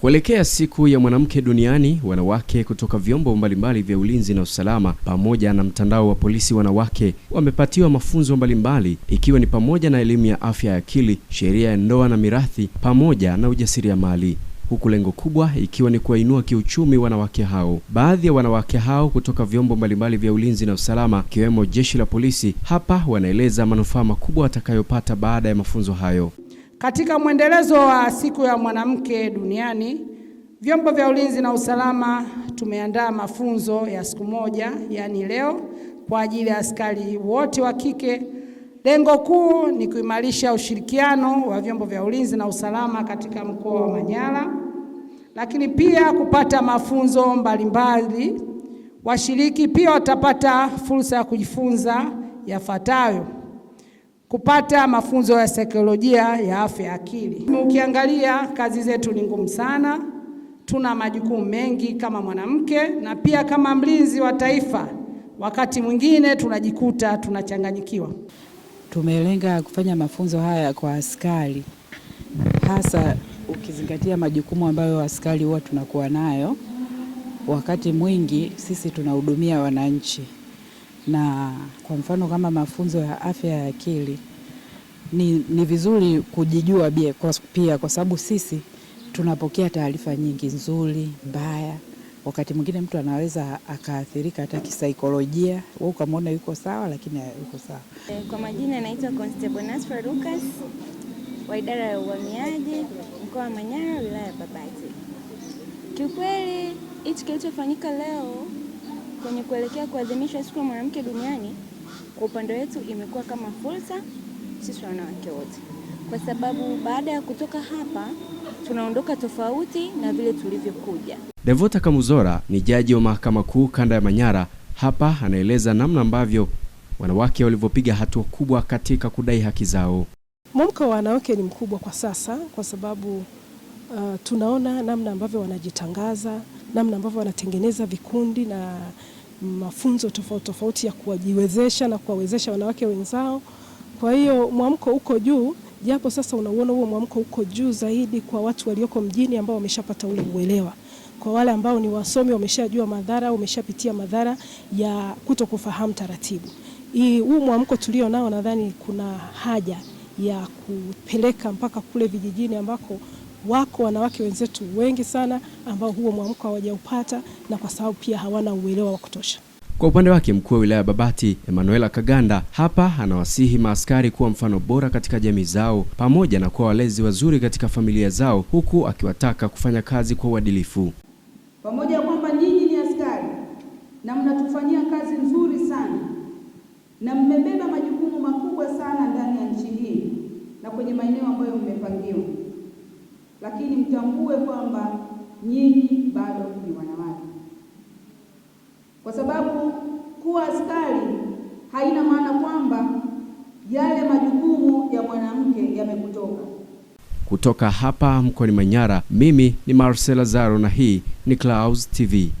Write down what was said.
Kuelekea siku ya mwanamke duniani, wanawake kutoka vyombo mbalimbali vya ulinzi na usalama pamoja na mtandao wa polisi wanawake wamepatiwa mafunzo mbalimbali ikiwa ni pamoja na elimu ya afya ya akili, sheria ya ndoa na mirathi, pamoja na ujasiriamali huku lengo kubwa ikiwa ni kuwainua kiuchumi wanawake hao. Baadhi ya wanawake hao kutoka vyombo mbalimbali vya ulinzi na usalama ikiwemo jeshi la polisi hapa wanaeleza manufaa makubwa watakayopata baada ya mafunzo hayo. Katika mwendelezo wa siku ya mwanamke duniani, vyombo vya ulinzi na usalama tumeandaa mafunzo ya siku moja, yaani leo, kwa ajili ya askari wote wa kike. Lengo kuu ni kuimarisha ushirikiano wa vyombo vya ulinzi na usalama katika mkoa wa Manyara, lakini pia kupata mafunzo mbalimbali. Washiriki pia watapata fursa ya kujifunza yafuatayo: kupata mafunzo ya saikolojia ya afya ya akili. Ukiangalia kazi zetu ni ngumu sana, tuna majukumu mengi kama mwanamke na pia kama mlinzi wa taifa. Wakati mwingine tunajikuta tunachanganyikiwa. Tumelenga kufanya mafunzo haya kwa askari, hasa ukizingatia majukumu ambayo askari huwa tunakuwa nayo. Wakati mwingi sisi tunahudumia wananchi na kwa mfano kama mafunzo ya afya ya akili ni, ni vizuri kujijua pia, kwa sababu sisi tunapokea taarifa nyingi nzuri, mbaya. Wakati mwingine mtu anaweza akaathirika hata kisaikolojia, wewe ukamwona yuko sawa, lakini yuko sawa. Kwa majina anaitwa Constable Nasra Lucas wa idara ya uhamiaji mkoa wa Manyara wilaya ya Babati. Kiukweli hichi kilichofanyika leo kwenye kuelekea kuadhimisha siku ya mwanamke duniani, kwa upande wetu imekuwa kama fursa sisi wanawake wote, kwa sababu baada ya kutoka hapa tunaondoka tofauti na vile tulivyokuja. Devota Kamuzora ni jaji wa mahakama kuu kanda ya Manyara. Hapa anaeleza namna ambavyo wanawake walivyopiga hatua kubwa katika kudai haki zao. Mwamko wa wanawake ni mkubwa kwa sasa, kwa sababu uh, tunaona namna ambavyo wanajitangaza namna ambavyo wanatengeneza vikundi na mafunzo tofauti tofauti ya kuwajiwezesha na kuwawezesha wanawake wenzao. Kwa hiyo mwamko uko juu, japo sasa unauona huo mwamko uko juu zaidi kwa watu walioko mjini ambao wameshapata ule uelewa. Kwa wale ambao ni wasomi wameshajua madhara, wameshapitia madhara ya kutokufahamu taratibu Huu mwamko tulio nao, nadhani kuna haja ya kupeleka mpaka kule vijijini ambako Wako wanawake wenzetu wengi sana ambao huo mwamko hawajaupata na kwa sababu pia hawana uelewa wa kutosha. Kwa upande wake mkuu wa wilaya ya Babati Emanuela Kaganda hapa anawasihi maaskari kuwa mfano bora katika jamii zao pamoja na kuwa walezi wazuri katika familia zao, huku akiwataka kufanya kazi kwa uadilifu. Pamoja na kwamba nyinyi ni askari na mnatufanyia kazi nzuri sana na mmebeba majukumu makubwa sana ndani ya nchi hii na kwenye maeneo ambayo mmepangiwa lakini mtambue kwamba nyinyi bado ni wanawake, kwa sababu kuwa askari haina maana kwamba yale majukumu ya mwanamke yamekutoka. Kutoka hapa mkoani Manyara, mimi ni Marcel Lazaro na hii ni Clouds TV.